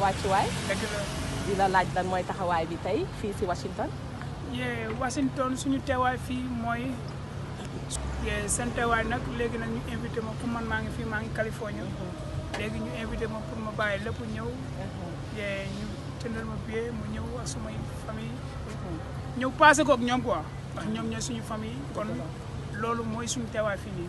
wàccuwaay. dëgg la la laaj lan mooy taxawaay bi tey fii si Washington. yee Washington suñu teewaay fii mooy. yee seen teewaay nag léegi nag ñu invité ma pour man maa ngi fii maa ngi Californie. léegi ñu invité ma pour ma bàyyi lépp ñëw. yee ñu jëndal ma billet mu ñëw ak sumay famille. Mm-hmm. ñëw passé ko ak ñoom quoi ndax ñoom ñooy suñu famille kon loolu mooy suñu teewaay fii nii.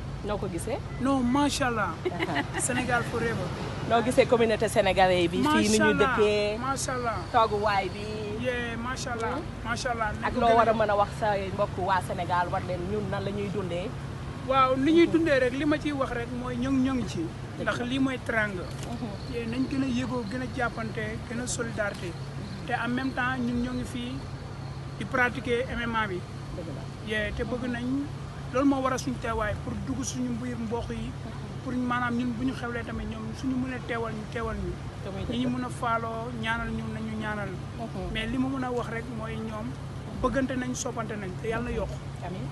noo ko gisee. non macha allah. Sénégal forever. noo gisee communauté sénégalais bi. fii hmm? ni ñu dëkkee macha allah tooguwaay bi. macha allah macha allah. ak loo war a mën a wax sa mbokk waa Sénégal war leen ñun nan la ñuy dundee. waaw li ñuy dundee rek li ma ciy wax rek mooy ñoŋ ñoŋ ci. ndax lii mooy teranga. Hmm. te nañ gën a yëgoo gën a jàppante gën a solidarité. Hmm. te en même temps ñun ñoo ngi fii di pratiquer MMA bi. te bëgg nañ. loolu moo war a suñu teewaay pour dugg suñu mbir mboq yi pour maanaam ñun bu ñu xewlee tamit ñoom suñu mën a teewal ñu teewal ñu ñi ñu mën a faaloo ñaanal ñu nañu ñaanal uh-huh. mais li ma mun a wax rek mooy ñoom bëggante nañ soppante nañ te yàlla na yokk amiin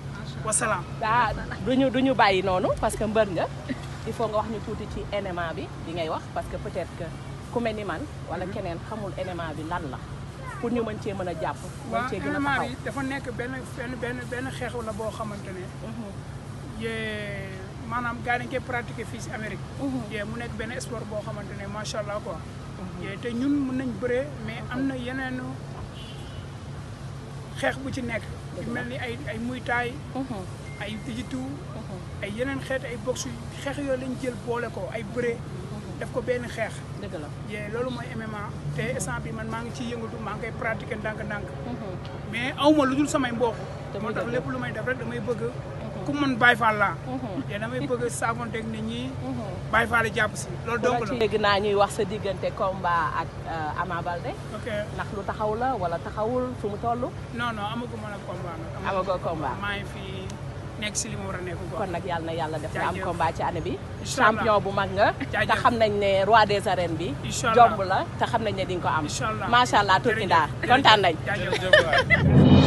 wasalaam ah duñu duñu bàyyi noonu parce que mbër nga il faut nga wax ñu tuuti ci NMA bi bi ngay wax parce que peut-être que ku mel ni man wala mm-hmm. keneen xamul NMA bi lan la pour ñu mën cee mën a jàpp. mën cee gën a taxaw waaw dafa nekk benn benn benn benn xeex la boo xamante ne. Mhm. yee maanaam gars ke koy pratiquer fii si Amérique. Mhm. yee mu nekk benn sport boo xamante ne macha allah quoi. Mhm. yee te ñun mën nañ bëree mais am na yeneen xeex bu ci nekk. mel ni ay ay muy taay. ay jiu-jitsu ay yeneen xeet ay boxe xeex yooyu lañ jël boole ko ay bëree. def ko benn xeex. dëgg la yee loolu mooy MMA te instant bi man maa ngi ciy yëngatu maa ngi koy pratiquer ndànk-ndànk. Mhm. mais aw ma lu dul samay mbokk. moo tax lépp lu may def rek damay bëgg. Mhm. ku mën Baye Fall laa. te mhm. damay bëgg a saakoonteeg nit ñi. Baye Fall jàpp si loolu dong la. dégg naa ñuy wax sa diggante combat ak euh, Ama ndax lu taxaw la wala taxawul fu mu toll. non non amaguma la nag. amagoo combat nekk si li mu war a nekk kon nag yàlla na yàlla def nga am combat ci année bi champion bu mag nga te xam nañ ne roi des arènes bi jomb la te xam nañ ne di nga ko am macha allah Tourki Ndaa kontaan nañ